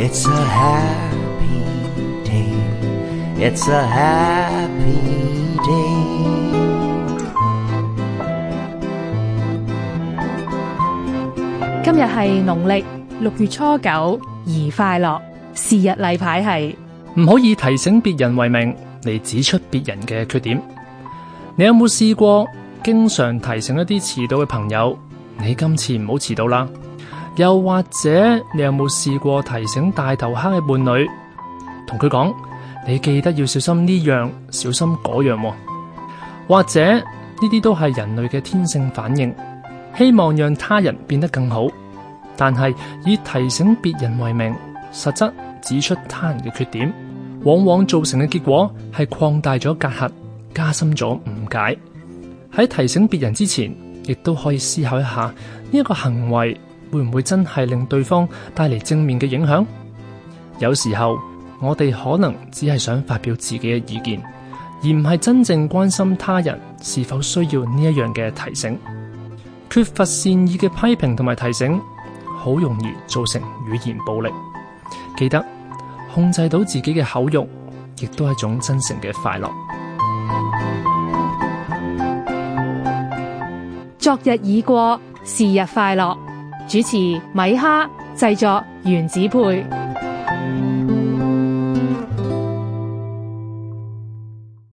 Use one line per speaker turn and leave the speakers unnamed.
It's a happy day, It's
a happy day 今日係農曆六月初九，宜快樂。是日例牌係
唔可以提醒別人為名，嚟指出別人嘅缺點。你有冇試過經常提醒一啲遲到嘅朋友？你今次唔好遲到啦！又或者你有冇試過提醒大頭蝦嘅伴侶，同佢講你記得要小心呢樣，小心嗰樣？或者呢啲都係人類嘅天性反應，希望讓他人變得更好。但係以提醒別人為名，實質指出他人嘅缺點，往往造成嘅結果係擴大咗隔閡，加深咗誤解。喺提醒別人之前，亦都可以思考一下呢一個行為。會唔會真係令對方帶嚟正面嘅影響？有時候我哋可能只係想發表自己嘅意見，而唔係真正關心他人是否需要呢一樣嘅提醒。缺乏善意嘅批評同埋提醒，好容易造成語言暴力。記得控制到自己嘅口欲，亦都係一種真誠嘅快樂。
昨日已過，是日快樂。主持米哈，製作原子配。